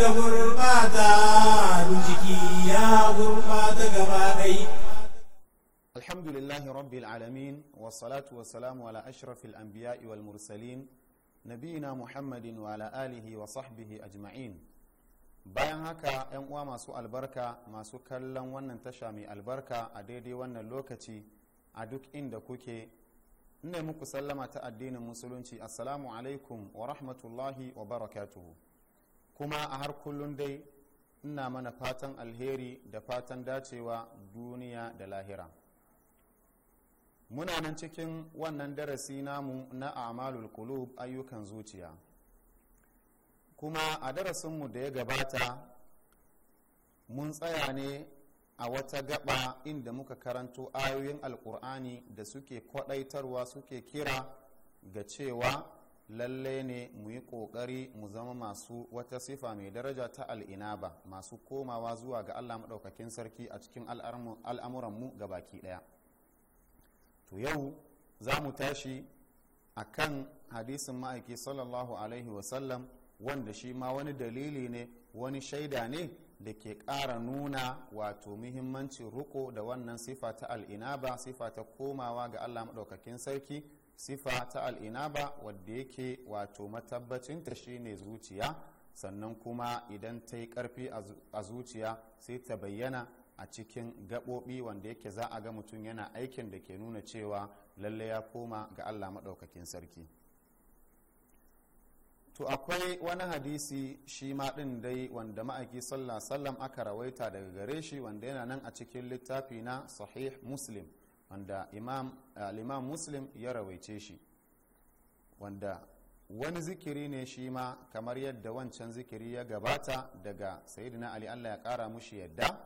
da gurbata jiki ya gurbata gaba ɗai alhamdulillahi rabbil alamin wassalatu wassalamu ala ashrafil anbiya'i wal mursalin nabiyina muhammadin wa ala alihi wa sahbihi ajma'in bayan haka yan uwa masu albarka masu kallon wannan tasha mai albarka a daidai wannan lokaci a duk inda kuke ne muku sallama ta addinin musulunci assalamu alaikum wa rahmatullahi wa barakatuhu kuma a har kullum dai ina mana fatan alheri da fatan dacewa duniya da lahira muna nan cikin wannan darasi namu na amalul kulub ayyukan zuciya kuma a darasinmu da ya gabata mun tsaya ne a wata gaba inda muka karanto ayoyin alkur'ani da suke kwadaitarwa suke kira ga cewa lalle ne mu yi ƙoƙari mu zama masu wata sifa mai daraja ta al'ina ba masu komawa zuwa ga allah maɗaukakin sarki a cikin al'amuranmu ga baki ɗaya to yau za mu tashi a kan hadisin ma'aiki sallallahu alaihi wasallam wanda shi ma wani dalili ne wani shaida ne da ke ƙara nuna wato muhimmancin ruko da wannan sifa ta al'ina ba sifa ta komawa ga allah maɗaukakin sarki sifa ta al'inaba wadda yake wato matabbacinta shine zuciya sannan kuma idan ta yi karfi a zuciya sai ta bayyana a cikin gaɓoɓi wanda yake za a ga mutum yana aikin da ke nuna cewa lalle ya koma ga allah maɗaukakin sarki to akwai wani hadisi shi ma ɗin dai wanda ma'aiki sallah sallam aka rawaita daga gare shi wanda yana nan a cikin littafi na sahih muslim wanda imam eh, muslim ya rawaice shi wanda wani zikiri ne shi ma kamar yadda wancan zikiri ya gabata daga sayidina ali allah ya kara mushi yadda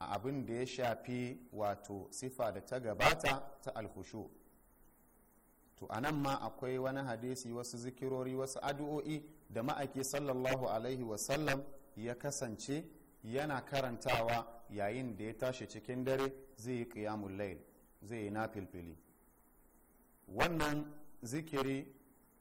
a abin da ya shafi wato sifa da ta gabata ta alkushu to a nan ma akwai wani hadisi wasu zikirori wasu addu'o'i da ma'aiki sallallahu alaihi wasallam ya kasance yana karantawa yayin da ya tashi cikin dare zai yi ƙiyamun lail zai yi na nafilfili wannan zikiri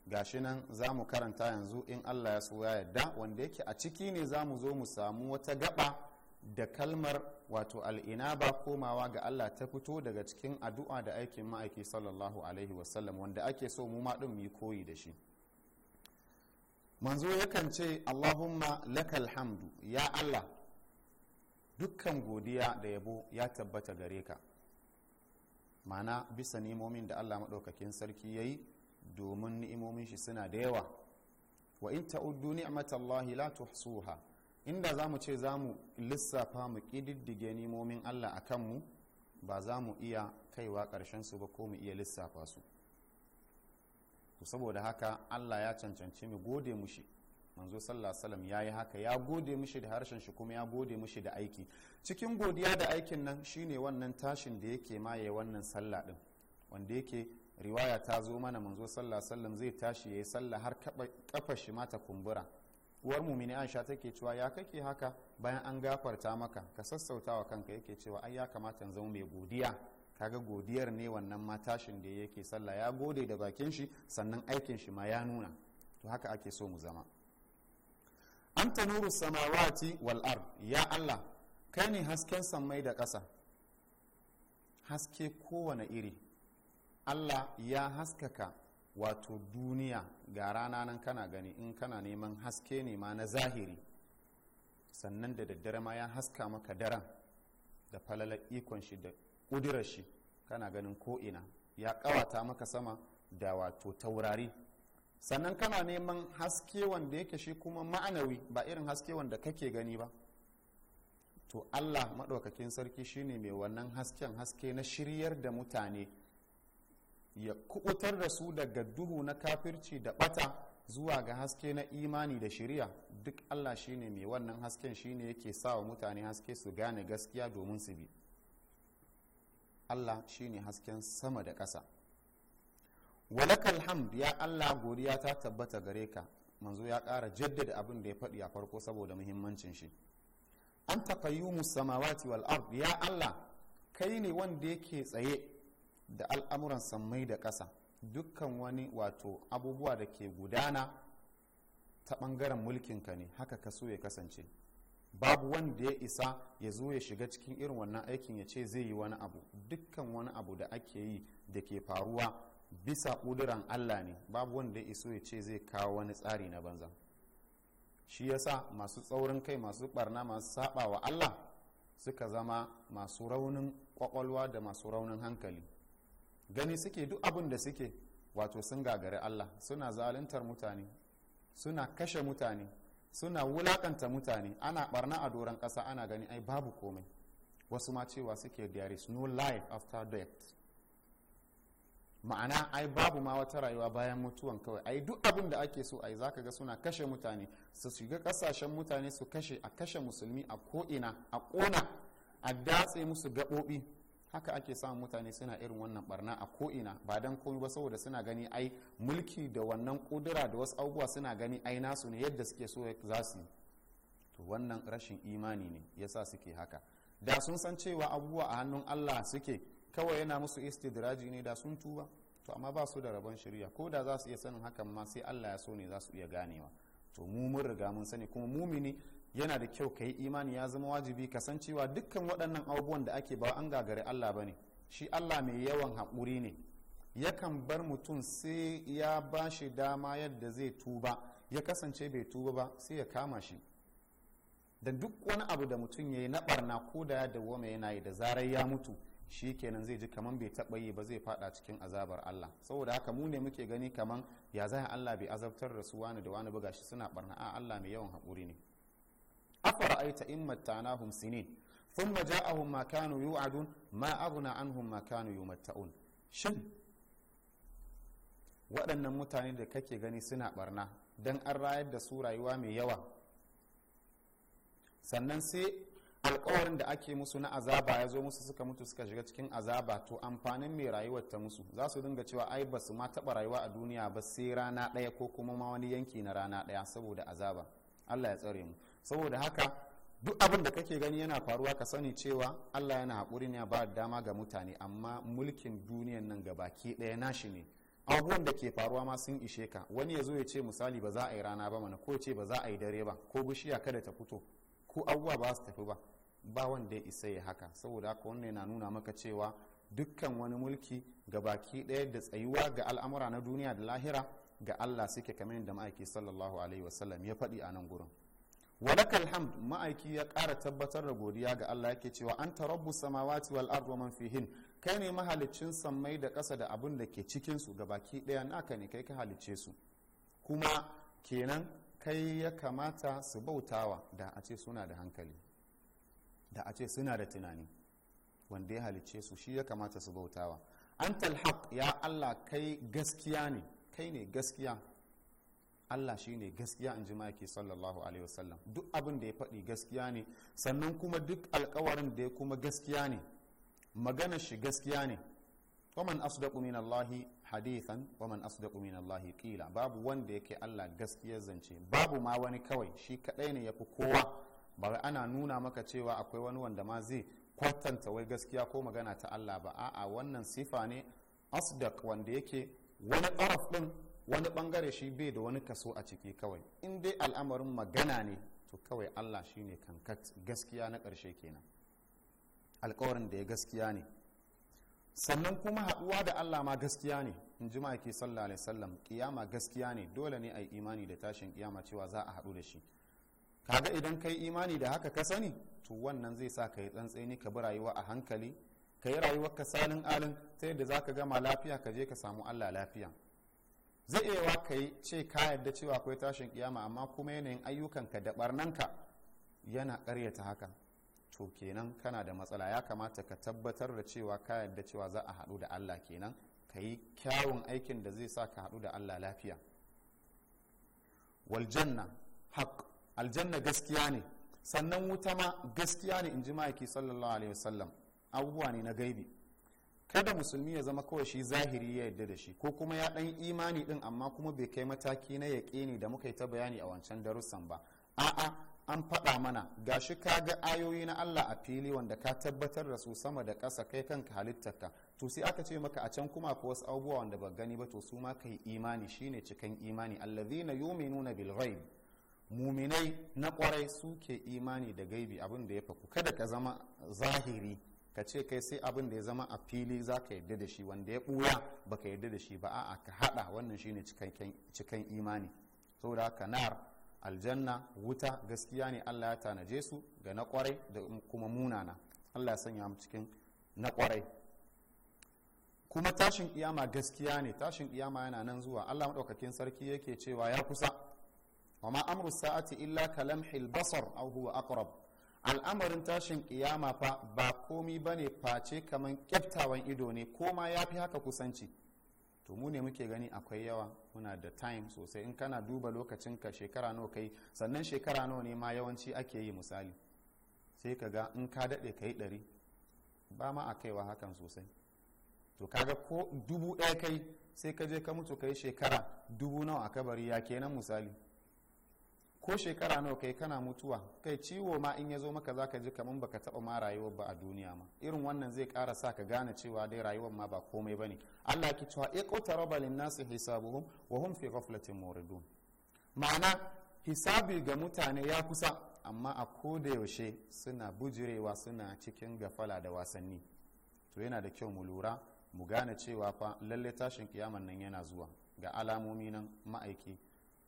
gashi nan za mu karanta yanzu in allah ya so ya yarda wanda yake a ciki ne za mu zo mu samu wata gaba da kalmar wato al'ina ba komawa ga allah ta fito daga cikin addu'a da aikin ma'aiki sallallahu alaihi wasallam wanda ake so mu ma mu yi koyi da shi manzo yakan ce allahumma lakal hamdu ya allah dukkan godiya da yabo ya tabbata gare ka mana bisa nimomin da allah maɗaukakin sarki ya yi domin ni'imomin shi suna da yawa wa in ta'uddu ni'matallahi la tuhsuha inda za mu ce za mu lissafa mu ƙididdige nimomin allah a kanmu ba za mu iya kaiwa ƙarshen su ba ko mu iya lissafa su saboda haka allah ya cancanci mu gode mushi manzo sallallahu alaihi wasallam yayi haka ya gode mishi da harshen shi kuma ya gode mishi da aiki cikin godiya da aikin nan shine wannan tashin da yake ma yayi wannan sallah din wanda yake riwaya ta zo mana manzo sallallahu alaihi wasallam zai tashi yayi sallah har kafa shi ma ta kumbura uwar mumini Aisha take cewa ya kake haka bayan an gafarta maka ka sassautawa kanka yake cewa ai ya kamata zama mai godiya kaga godiyar ne wannan ma tashin da yake sallah ya gode da bakin shi sannan aikin shi ma ya nuna to haka ake so mu zama anta nuru samawati wal ard ya allah kai ne hasken samai da ƙasa haske kowane iri allah ya haskaka wato duniya ga rana nan kana gani in kana neman haske ne ma na zahiri sannan da daddare ma ya haska maka daren da falalar ikon shi da ƙudurar shi kana ganin ko'ina ya ƙawata maka sama da wato taurari sannan kana neman haske wanda yake shi kuma ma'anawi ba irin haske wanda kake gani ba to allah maɗaukakin sarki shine mai wannan hasken haske na shiryar da mutane ya kubutar da su daga duhu na kafirci da bata zuwa ga haske na imani da shirya duk allah shine mai wannan hasken shine yake sa wa mutane haske su gane gaskiya domin su bi allah shine hasken sama da ƙasa walakal hamd ya allah godiya ta tabbata gare ka manzo ya kara jaddada abin da ya faɗi a farko saboda muhimmancin shi an taqayyumus samawati wal ard ya allah kai ne wanda yake tsaye da al'amuran sammai da ƙasa dukkan wani wato abubuwa da ke gudana ta ɓangaren ka ne haka ka so ya kasance babu wanda ya isa ya zo ya shiga cikin irin wannan aikin ya ce zai yi wani abu dukkan wani abu da ake yi da ke faruwa bisa ƙuduran allah ne babu wanda ya iso ya ce zai kawo wani tsari na banza shi yasa masu tsaurin kai masu barna masu saba wa allah suka zama masu raunin kwakwalwa da masu raunin hankali gani suke duk abin da suke wato sun gagari allah suna zaluntar mutane suna kashe mutane suna wulakanta mutane ana barna a doron ƙasa ana gani ai babu komai wasu ma cewa suke there is no life after death ma'ana ai babu ma wata rayuwa bayan mutuwan kawai ai duk abin da ake so ai zaka ga suna kashe mutane su shiga kasashen mutane su kashe a kashe musulmi a ko'ina a kona a datse musu gaɓoɓi haka ake samun mutane suna irin wannan barna a ko'ina ba dan komai ba saboda suna gani ai mulki da wannan kudura da wasu abubuwa suna gani ai nasu ne yadda suke so za su to wannan rashin imani ne yasa suke haka da sun san cewa abubuwa a hannun Allah suke kawai yana musu istidraji ne da sun tuba to amma ba su da rabon shirya ko da za su iya sanin hakan ma sai Allah ya so ne za su iya ganewa to mu mun riga mun sani kuma mumini yana da kyau ka yi imani ya zama wajibi ka san cewa dukkan waɗannan abubuwan da ake ba an gagari Allah ne. shi Allah mai yawan haƙuri ne yakan bar mutum sai ya ba shi dama yadda zai tuba ya kasance bai tuba ba sai ya kama shi da duk wani abu da mutum ya yi na barna ko da ya dawwama yana yi da zarar ya mutu shi kenan zai ji kaman bai taɓa yi ba zai faɗa cikin azabar Allah saboda haka mu ne muke gani kaman ya zai Allah bai azabtar da su wani da wani buga shi suna barna a Allah mai yawan haƙuri ne aita in mattanahum sinin thumma ja'ahum ma kanu yu'adun ma aghna anhum ma kanu yumatta'un shin waɗannan mutane da kake gani suna barna dan an rayar da su rayuwa mai yawa sannan sai alkawarin da ake musu na azaba ya zo musu suka mutu suka shiga cikin azaba to amfanin mai rayuwar ta musu za su dinga cewa ai ba su ma taba rayuwa a duniya ba sai rana ɗaya ko kuma ma wani yanki na rana ɗaya saboda azaba allah ya tsare mu saboda haka duk abin da kake gani yana faruwa ka sani cewa allah yana haƙuri ne ba dama ga mutane amma mulkin duniyan nan ga baki ɗaya nashi ne abubuwan da ke faruwa ma sun ishe ka wani ya zo ya ce misali ba za a yi rana ba mana ko ce ba za a yi dare ba ko bishiya kada ta fito ko abubuwa ba su tafi ba ba wanda ya isa ya haka saboda haka wannan yana nuna maka cewa dukkan wani mulki ga baki ɗaya da tsayuwa ga al'amura na duniya da lahira ga Allah suke kamar yadda ma'aiki sallallahu alaihi wasallam ya faɗi a nan gurin walaka hamd ma'aiki ya ƙara tabbatar da godiya ga Allah yake cewa an tarabbu samawati wal ardu man fihin kai ne mahaliccin sammai da ƙasa da abun da ke cikin su ga baki ɗaya naka ne kai ka halicce su kuma kenan kai ya kamata su bautawa da a ce suna da hankali da a ce suna da tunani wanda ya halicce su shi ya kamata su bautawa antal haq ya Allah kai gaskiya ne kai ne gaskiya Allah shi ne gaskiya in jima'a ke sallallahu alaihi wasallam duk abin da ya faɗi gaskiya ne sannan kuma duk alkawarin da ya kuma gaskiya ne magana shi gaskiya ne waman asdaqu min Allahi hadithan waman asdaqu min Allahi qila babu wanda yake Allah gaskiya zance babu ma wani kawai shi kadai ne yafi kowa ba ana nuna maka cewa akwai wani wanda ma zai kwatanta wai gaskiya ko magana ta Allah ba a'a wannan sifa ne asdaq wanda yake wani taraf ɗin wani bangare shi bai da wani kaso a ciki kawai in dai al'amarin magana ne to kawai Allah shine kankat gaskiya na ƙarshe kenan Alƙawarin da ya gaskiya ne sannan kuma haɗuwa da Allah ma gaskiya ne in ji ma'aiki sallallahu alaihi wasallam kiyama gaskiya ne dole ne a yi imani da tashin kiyama cewa za a haɗu da shi kaga idan kai imani da haka ka sani to wannan zai sa ka yi tsantseni ka bi rayuwa a hankali ka yi rayuwar ka salin alin ta yadda za ka gama lafiya ka je ka samu allah lafiya zai iya wa ka yi ce ka yarda cewa akwai tashin kiyama amma kuma yanayin ayyukan ka da barnanka yana karyata haka to kenan kana da matsala ya kamata ka tabbatar da cewa ka yadda cewa za a haɗu da allah kenan ka yi kyawun aikin da zai sa ka haɗu da allah lafiya waljanna haq aljanna gaskiya ne sannan wuta ma gaskiya ne in ji ma'aiki sallallahu alaihi wasallam abubuwa ne na gaibi kada musulmi ya zama kawai shi zahiri ya yarda da shi ko kuma ya dan imani din amma kuma bai kai mataki na yaƙi ne da muka yi ta bayani a wancan darussan ba a'a an faɗa mana gashi ka ga ayoyi na Allah a fili wanda ka tabbatar da su sama da ƙasa kai kanka halittarka to sai aka ce maka a can kuma ko wasu abubuwa wanda ba gani ba to su ma yi imani shine cikan imani allazina yu'minuna bil ghaib muminai na kwarai suke imani da gaibi abin da ya faku kada ka zama zahiri ka ce kai sai abin da ya zama a fili za ka yarda da shi wanda ya buya ba ka yarda da shi ba a'a ka haɗa wannan shine cikan imani saboda haka nar aljanna wuta gaskiya ne allah ya tanaje su ga na kwarai da kuma munana allah ya sanya mu cikin na kwarai kuma tashin kiyama gaskiya ne tashin kiyama yana nan zuwa allah maɗaukakin sarki yake cewa ya kusa wa ma amru sa'ati illa kalam basar aw huwa al'amarin tashin ƙiyama fa ba komi bane face kamar kyaftawan ido ne ko ma yafi haka kusanci to mu ne muke gani akwai yawa muna da time sosai in kana duba lokacin ka shekara nawa kai sannan shekara nawa ne ma yawanci ake yi misali sai ka ga in ka daɗe ka yi ɗari ba ma a kaiwa hakan sosai to kaga ko dubu ɗaya kai sai ka je ka mutu kai shekara dubu nawa a kabari ya kenan misali ko shekara nawa kai kana mutuwa kai ciwo ma in ya zo maka zaka ji kamar baka taba ma rayuwar ba a duniya ma irin wannan zai kara sa ka gane cewa dai rayuwar ma ba komai bane Allah ki cewa iqtaraba lin-nasi hisabuhum wa hum fi ghaflatin muridun ma'ana hisabi ga mutane ya kusa amma a koda yaushe suna bujirewa suna cikin gafala da wasanni to yana da kyau mu lura mu gane cewa fa lalle tashin kiyaman nan yana zuwa ga alamomi nan ma'aiki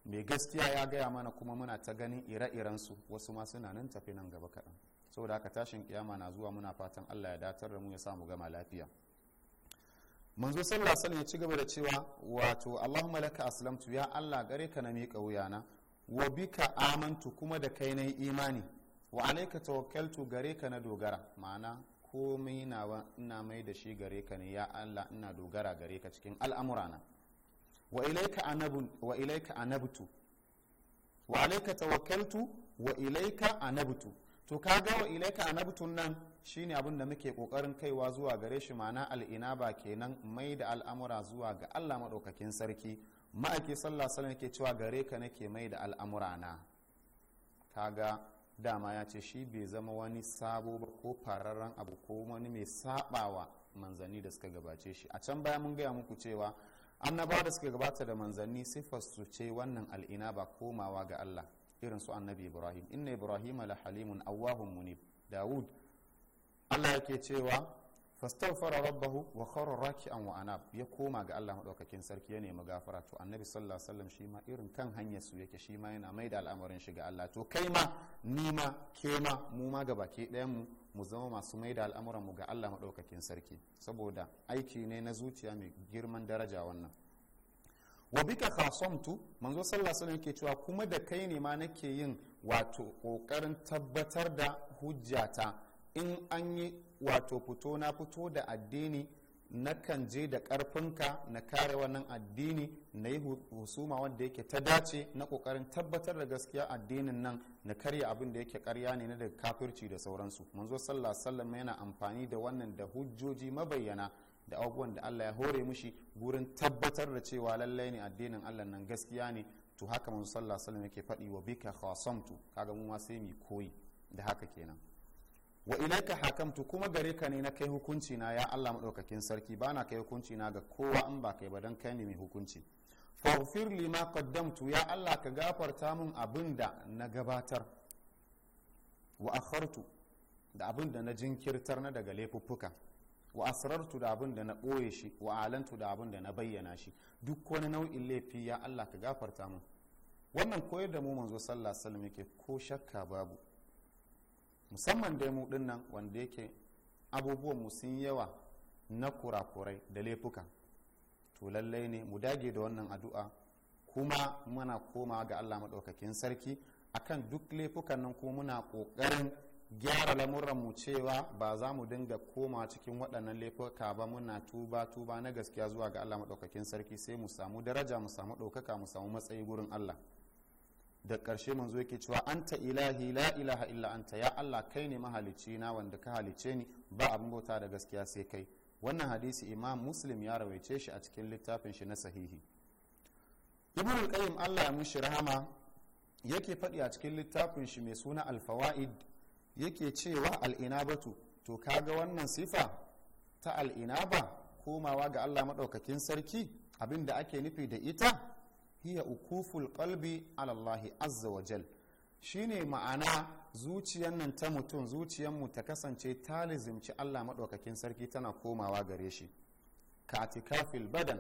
mai gaskiya ya gaya mana kuma muna ta ganin ire-irensu wasu ma suna nan tafi nan gaba kaɗan saboda haka tashin kiyama na zuwa muna fatan allah ya datar da mu ya samu gama lafiya manzo sallallahu alaihi ya ci gaba da cewa wato allahumma laka aslamtu ya allah gare ka na miƙa wuyana wa bika amantu kuma da kai na imani wa alaika tawakkaltu gare ka na dogara ma'ana komai ina mai da shi gare ka ne ya allah ina dogara gare ka cikin al'amurana wa ilaika anabun wa ilaika anabtu wa alaika tawakkaltu wa ilaika anabtu to kaga wa ilaika butun nan shine abin da muke kokarin kaiwa zuwa gare shi ma'ana al'inaba kenan mai da al'amura zuwa ga Allah madaukakin sarki ma'aiki sallah sallah yake cewa gare ka nake mai da al'amura na kaga dama ya ce shi bai zama wani sabo ba ko fararren abu ko wani mai sabawa manzanni da suka gabace shi a can baya mun gaya muku cewa annaba da suka gabata da manzanni siffar su ce wannan al'ina ba komawa ga Allah irin su annabi Ibrahim inna Ibrahim la halimun awwahun munib Dawud Allah yake cewa fastaghfara rabbahu wa khara raki'an wa anab ya koma ga Allah madaukakin sarki ya nemi gafara to annabi sallallahu alaihi wasallam shi ma irin kan hanyar su yake shi ma yana mai da al'amarin shi ga Allah to kai ma ni ma ke ma mu ma ga baki ɗayan mu mu zama masu mai da al'amuran mu ga Allah madaukakin sarki saboda aiki ne na zuciya mai girman daraja wannan wa bika khasamtu manzo sallallahu alaihi wasallam yake cewa kuma da kai ne ma nake yin wato kokarin tabbatar da hujjata in an yi wato fito na fito da addini na kan je da ƙarfinka na kare wannan addini na yi husuma wanda yake ta dace na ƙoƙarin tabbatar da gaskiya addinin nan na karya abin da yake karya ne na daga kafirci da sauransu manzo sallallahu wasallam yana amfani da wannan da hujjoji mabayyana da abubuwan da Allah ya hore mushi gurin tabbatar da cewa lallai ne addinin Allah nan gaskiya ne to haka manzo sallallahu wasallam yake faɗi wa bika khasamtu kaga mu ma sai mu koyi da haka kenan wa ilaika hakamtu kuma gare ka ne na kai hukunci na ya Allah madaukakin sarki bana kai hukunci na ga kowa an ba kai ba dan kai ne mai hukunci faghfir li ma qaddamtu ya Allah ka gafarta mun abinda na gabatar wa akhartu da abinda na jinkirtar na daga laifuffuka wa asrartu da abinda na boye shi wa alantu da abinda na bayyana shi duk wani nau'in laifi ya Allah ka gafarta mun wannan koyar da mu manzo sallallahu alaihi wasallam yake ko shakka babu musamman dai mu din nan wanda yake abubuwan mu sun yawa na kurakurai da laifuka to lallai ne mu dage da wannan addu'a kuma muna koma ga Allah maɗaukakin sarki akan duk laifukan nan kuma muna ƙoƙarin gyara lamuran mu cewa ba za mu dinga koma cikin waɗannan laifuka ba muna tuba tuba na gaskiya zuwa ga Allah maɗaukakin sarki sai mu samu daraja mu samu ɗaukaka mu samu matsayi gurin Allah da ƙarshe manzo yake cewa anta ilahi la ilaha illa anta ya Allah kai ne mahalicci na wanda ka halicce ni ba abin bauta da gaskiya sai kai wannan hadisi imam muslim ya rawaice shi a cikin littafin shi na sahihi ibn al-qayyim Allah ya mishi rahama yake faɗi a cikin littafin shi mai suna al-fawaid yake cewa al-inabatu to kaga wannan sifa ta al-inaba komawa ga Allah madaukakin sarki abinda ake nufi da ita hiya ukuful kalbi ala Allah azza wa jal shine ma'ana zuciyar nan ta mutum zuciyar mu ta kasance ta lizimci Allah madaukakin sarki tana komawa gare shi ka katikafil badan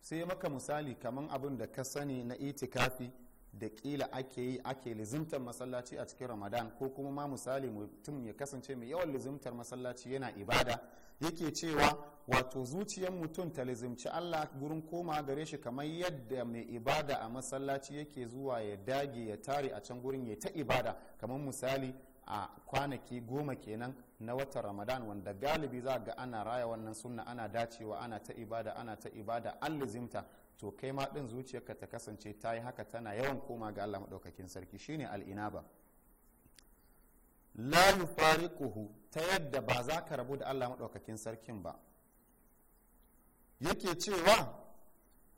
sai maka misali kaman abin da ka sani na itikafi da kila ake yi ake lizimtar masallaci a cikin ramadan ko kuma ma misali mutum ya kasance mai yawan lizimtar masallaci yana ibada yake cewa wato zuciyar mutum ta lizimci Allah gurin koma gare shi kamar yadda mai ibada a masallaci yake zuwa ya dage ya tare a can gurin ya ta ibada kamar misali a kwanaki goma kenan na watan ramadan wanda galibi za ga ana raya wannan sunna ana dacewa ana ta ibada ana ta ibada an lizimta to kai ma din zuciyarka ta kasance ta yi haka tana yawan koma ga Allah maɗaukakin sarki shine al'inaba la yufariquhu ta yadda ba za ka rabu da Allah maɗaukakin sarkin ba yake cewa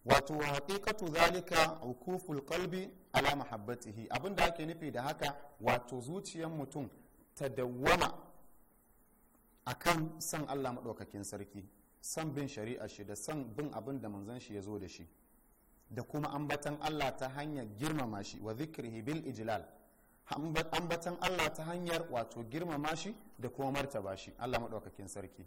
wato haqiqatu zalika ukuful qalbi ala mahabbatihi abinda ake nufi da haka wato zuciyar mutum ta dawwama akan san Allah maɗaukakin sarki san bin shari'a shi da san bin abinda da manzon shi yazo da shi da kuma ambatan Allah ta hanyar girmama shi wa zikrihi bil ijlal ambatan Allah ta hanyar wato girmama shi da kuma martaba shi Allah maɗaukakin sarki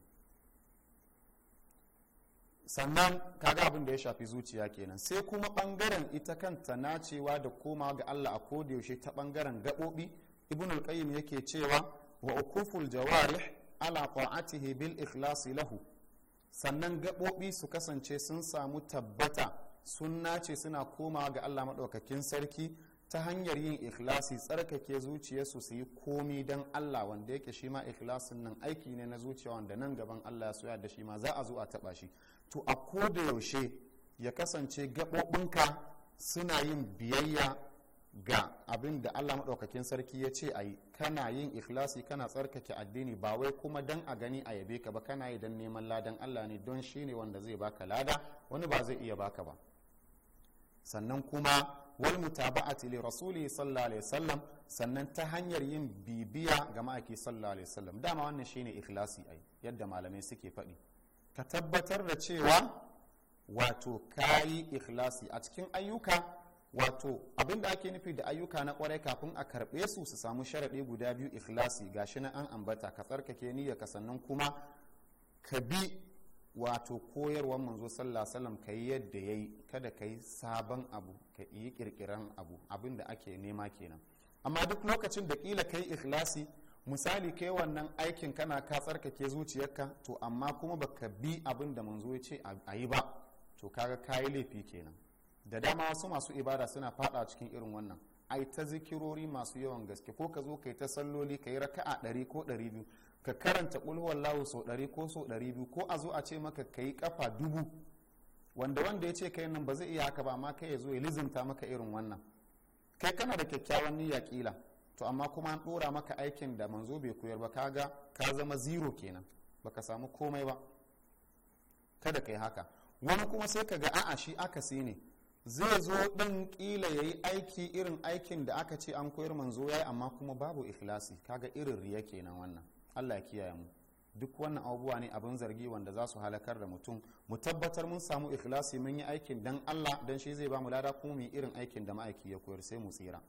sannan kaga abin da ya shafi zuciya kenan sai kuma ɓangaren ita kanta nacewa da komawa ga Allah a kodayaushe ta ɓangaren gaɓoɓi ibn al-qayyim yake cewa wa ukuful jawarih ala ta'atihi bil ikhlasi lahu sannan gaɓoɓi su kasance sun samu tabbata sun nace suna komawa ga Allah maɗaukakin sarki ta hanyar yin ikhlasi tsarkake zuciyarsu su yi komi don Allah wanda yake shi ma ikhlasin nan aiki ne na zuciya wanda nan gaban Allah ya soya da shi ma za a zo a taba shi to a ko da yaushe ya kasance gaɓoɓinka suna yin biyayya ga abin da Allah maɗaukakin sarki ya ce a yi kana yin ikhlasi kana tsarkake addini ba wai kuma don a gani a yabe ka ba kana yi don neman ladan Allah ne don shi ne wanda zai baka lada wani ba zai iya baka ba sannan kuma wal mutaba'ati li rasuli sallallahu alaihi wasallam sannan ta hanyar yin bibiya ga ma'aiki sallallahu alaihi wasallam dama wannan shine ikhlasi ai yadda malamai suke faɗi ka tabbatar da cewa wato kayi ikhlasi a cikin ayyuka wato abinda ake nufi da ayyuka na kwarai kafin a karɓe su su samu sharaɗi guda biyu ikhlasi gashi na an ambata ka tsarkake niyya ka sannan kuma ka bi wato koyarwar manzo sallallahu alaihi wasallam ka yi yadda yayi kada ka yi sabon abu ka yi kirkiran abu abin da ake nema kenan amma duk lokacin da kila kai ikhlasi misali kai wannan aikin kana ka tsarkake zuciyarka to amma kuma baka bi abin da manzo ya ce a yi ba to kaga kayi laifi kenan da dama wasu masu ibada suna fada cikin irin wannan ai ta zikirori masu yawan gaske ko ka zo kai ta salloli ka yi raka'a ɗari ko ɗari biyu ka karanta lawo sau ɗari ko sau ɗari biyu ko a zo a ce maka ka yi ƙafa dubu wanda wanda ya ce kai nan ba zai iya haka ba amma kai ya zo ya lizinta maka irin wannan kai kana da kyakkyawan niyya kila to amma kuma an ɗora maka aikin da manzo bai koyar ba kaga ka zama zero kenan baka samu komai ba kada ka yi haka wani kuma sai ka ga a'a shi akasi ne zai zo ɗin kila ya yi aiki irin aikin da aka ce an koyar manzo ya yi amma kuma babu ikhlasi kaga irin riya kenan wannan allah ya kiyaye mu duk wannan abubuwa ne abin zargi wanda za su halakar da mutum mu tabbatar mun samu ikhlasi mun yi aikin dan Allah dan shi zai ba mu lada kuma mu yi irin aikin da ma'aiki ya koyar sai mu tsira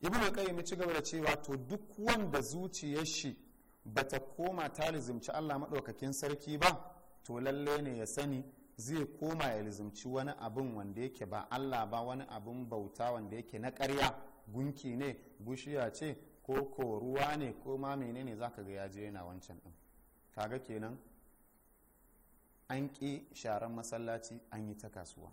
ibn qayyim ci gaba da cewa to duk wanda zuciyar shi bata koma ta lizimci Allah madaukakin sarki ba to lalle ne ya sani zai koma ya lizimci wani abin wanda yake ba Allah ba wani abin bauta wanda yake na ƙarya gunki ne bushiya ce ko ko ruwa ne ko ma menene zaka ga yaje yana wancan din kaga kenan an ƙi sharan masallaci an yi ta kasuwa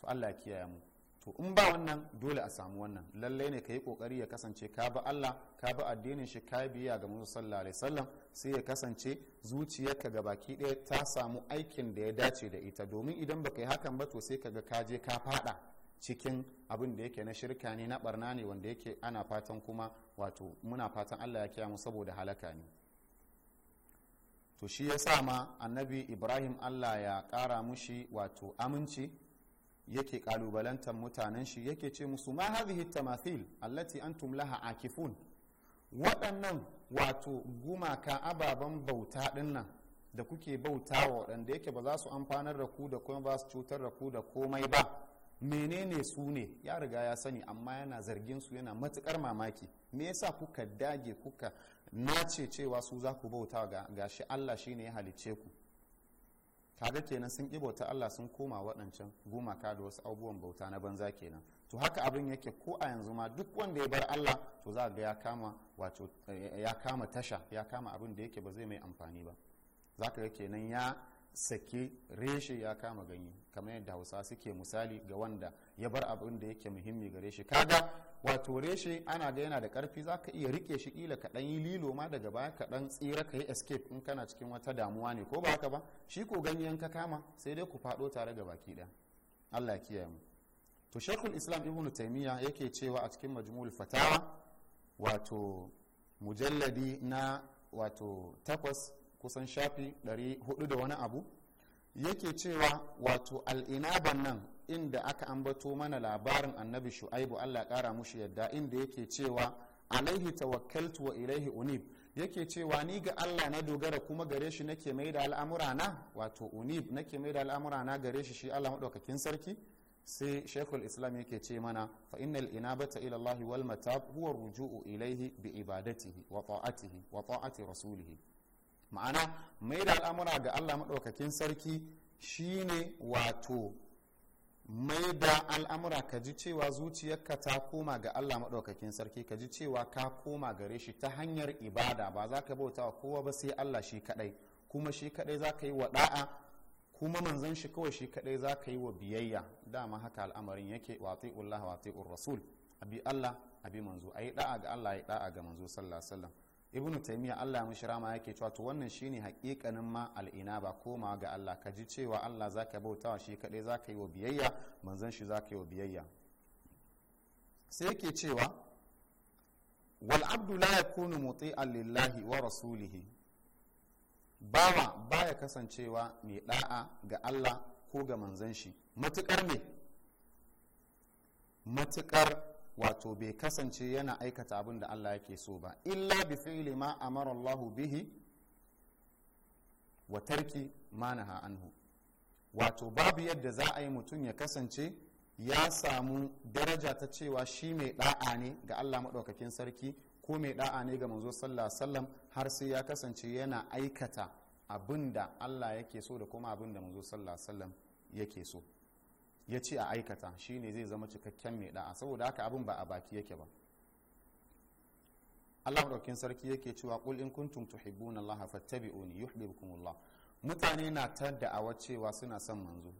to allah kiyaye mu to in ba wannan dole a samu wannan lallai ne ka yi kokari ya kasance ka bi allah ka bi addinin shi ka biya ga musu sallallahu alaihi wasallam sai ya kasance zuciyarka ga baki ɗaya ta samu aikin da ya dace da ita domin idan baka yi hakan ba to sai ka ga ka je ka fada cikin abin da yake na shirka ne na barna ne wanda yake ana fatan kuma wato muna fatan allah ya mu saboda halaka ne to shi ya sa ma annabi ibrahim allah ya kara mushi wato aminci yake kalubalantar mutanen shi yake ce musu ma hadhihi tamathil allati antum laha akifun waɗannan wato gumaka ababen bauta dinnan da kuke bauta wa waɗanda yake ba za su amfanar da ku da kuma ba su cutar da ku da komai ba menene su ne ya riga ya sani amma yana zargin su yana matukar mamaki me yasa kuka dage kuka nace cewa su za ku bauta ga gashi Allah shine ya halicce ku kaga kenan sun bauta Allah sun koma waɗancan gumaka da wasu abubuwan bauta na banza kenan to haka abin yake ko a yanzu ma duk wanda ya bar Allah to za ga ya kama wato eh, ya kama tasha ya kama abin da yake ba zai mai amfani ba zaka ga kenan ya sake reshe ya kama ganye kamar yadda hausa suke misali ga wanda ya bar abin da yake muhimmi gare shi kaga wato reshe ana ga yana da karfi za ka iya rike shi kila kaɗan yi lilo ma daga baya kaɗan dan tsira ka yi escape in kana cikin wata damuwa ne ko ba haka ba shi ko ganyen ka kama sai dai ku faɗo tare ga baki ɗaya allah kiyaye mu to shekul islam ibn taimiyya yake cewa a cikin majmul fatawa wato mujalladi na wato takwas kusan shafi 400 da wani abu yake cewa wato al'inaban nan inda aka ambato mana labarin annabi shu'aibu allah kara mushi yadda inda yake cewa alaihi tawakkaltu wa ilaihi unib yake cewa ni ga allah na dogara kuma gare shi nake mai da al'amura na wato unib nake mai da al'amura na gare shi shi allah maɗaukakin sarki sai shekul islam yake ce mana fa innal inabata ila allah wal matab ruju'u ilaihi bi ibadatihi wa ta'atihi wa ta'ati rasulihi ma'ana mai da al'amura ga allah maɗaukakin sarki shine wato mai da al'amura ka ji cewa zuciyarka ta koma ga allah maɗaukakin sarki ka ji cewa ka koma gare shi ta hanyar ibada ba za ka bauta wa kowa ba sai allah shi kaɗai kuma shi kaɗai za ka yi wa ɗa'a kuma manzan shi kawai shi kaɗai za ka yi wa biyayya dama haka al'amarin yake wati'ullah wati'ur rasul abi allah abi manzo ayi da'a ga allah ayi da'a ga manzo sallallahu alaihi wasallam ibnu taimiyya allah mishi rama yake cewa to wannan shine hakikanin ma al'ina ba koma ga allah ka ji cewa allah zaka bautawa shi kadai zaka yi wa biyayya manzon shi zaka yi wa biyayya sai yake cewa wal abdu la yakunu muti'an lillahi wa rasulihi bawa baya kasancewa mai da'a ga allah ko ga manzon shi matukar ne wato bai kasance yana aikata abin da Allah yake so ba illa bi fi'li ma amara Allahu bihi wa tarki ma naha anhu wato babu yadda za a yi mutum ya kasance ya samu daraja ta cewa shi mai da'a ne ga Allah maɗaukakin sarki ko mai da'a ne ga manzo sallallahu wasallam har sai ya kasance yana aikata abin da Allah yake so da kuma abin da manzo sallallahu wasallam yake so ya ce a aikata shi ne zai zama cikakken mai da'a saboda haka abin ba a baki yake ba Allah daukin sarki yake cewa qul in kuntum tuhibbuna Allah fattabi'uni Allah mutane na ta da'awa cewa suna son manzo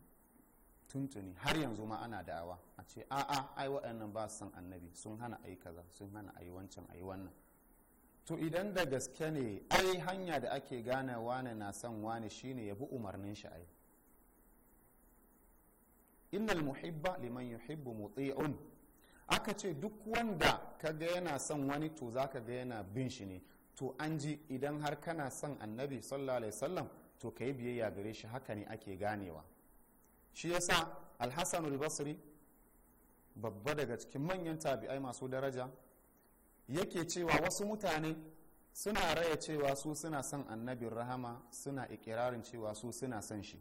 tuntuni har yanzu ma ana da'awa a ce a'a ai waɗannan ba su san annabi sun hana ai kaza sun hana ai wancan ai wannan to idan da gaske ne ai hanya da ake gane wane na son wane shine ya bi umarnin shi ai innal muhibba liman yuhibbu muti'un aka ce duk wanda kaga yana son wani to zaka ga yana bin shi ne to an ji idan har kana son annabi sallallahu alaihi wasallam to kayi biyayya gare shi haka ne ake ganewa shi yasa al-hasan al-basri babba daga cikin manyan tabi'ai masu daraja yake cewa wasu mutane suna raya cewa su suna son annabin rahama suna ikirarin cewa su suna son shi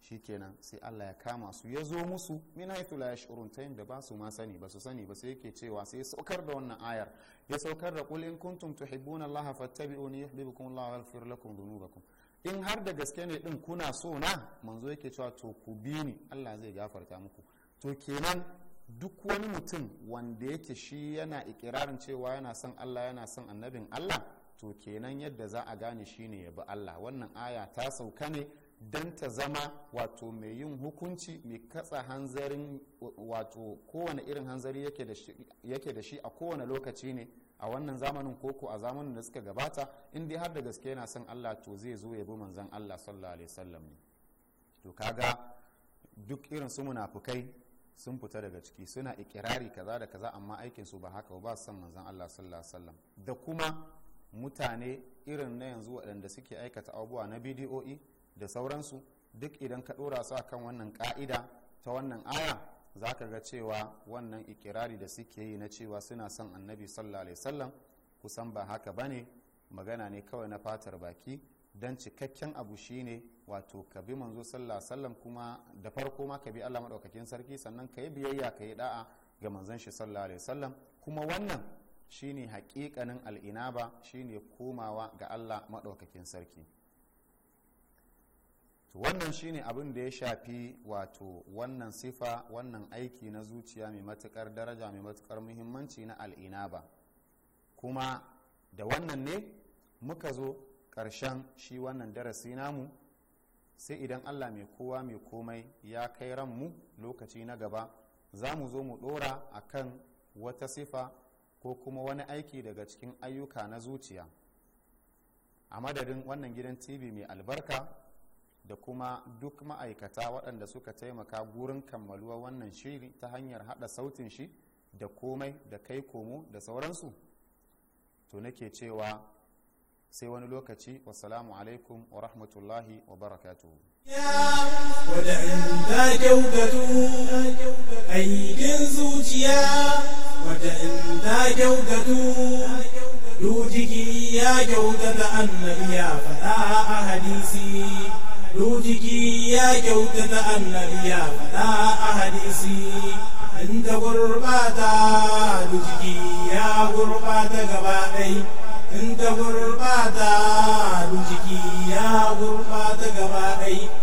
shikenan sai Allah ya kama su ya zo musu min haythu la yash'urun ta da ba su ma sani ba su sani ba sai yake cewa sai saukar da wannan ayar ya saukar da qul in kuntum tuhibbuna Allah fattabi'uni yuhibbukum Allah wa yaghfir lakum dhunubakum in har da gaske ne din kuna so na manzo yake cewa to ku bi ni Allah zai gafarta muku to kenan duk wani mutum wanda yake shi yana ikirarin cewa yana son Allah yana son annabin Allah to kenan yadda za a gane shine ya bi Allah wannan aya ta sauka ne don ta zama wato mai yin hukunci mai katsa hanzarin wato kowane irin hanzari yake da shi a kowane lokaci ne a wannan zamanin koko a zamanin da suka gabata in dai har da gaske yana son allah to zai zo ya bi manzan allah sallallahu alaihi wasallam ne to kaga duk irin su munafukai sun fita daga ciki suna ikirari kaza da kaza amma aikin su ba haka ba son manzan allah sallallahu alaihi wasallam da kuma mutane irin na yanzu waɗanda suke aikata abubuwa na bidiyo'i da sauransu duk idan ka ɗora su kan wannan ka'ida ta wannan aya za ka ga cewa wannan ikirari da suke yi na cewa suna son annabi sallallahu alaihi kusan ba haka bane magana ne kawai na fatar baki don cikakken abu shine wato ka bi manzo sallallahu sallam kuma da farko ma ka bi Allah maɗaukakin sarki sannan ka yi biyayya ka yi da'a ga manzon shi sallallahu alaihi kuma wannan shine hakikanin al'inaba shine komawa ga Allah maɗaukakin sarki to wannan shine abin da ya shafi wato wannan sifa wannan aiki na zuciya mai matukar daraja mai matukar muhimmanci na al'ina ba kuma da wannan ne muka zo ƙarshen shi wannan darasi namu sai idan allah mai kowa mai komai ya kai ranmu lokaci na gaba za mu zo mu ɗora a kan wata sifa ko kuma wani aiki daga cikin ayyuka na zuciya a madadin wannan gidan tv mai albarka da kuma duk ma'aikata waɗanda suka taimaka gurin kammaluwa wannan shiri ta hanyar haɗa sautin shi da komai da kai komo da sauransu to nake cewa sai wani lokaci wasalamu alaikum wa rahmatullahi wa barakatuhu aikin zuciya dujiki ya annabi ya faɗa a hadisi rujiki ya kyauta na annabi ya a hadisi in ta gurbata rujiki ya gurbata gaba ɗai in ta gurbata rujiki ya gurbata gaba ɗai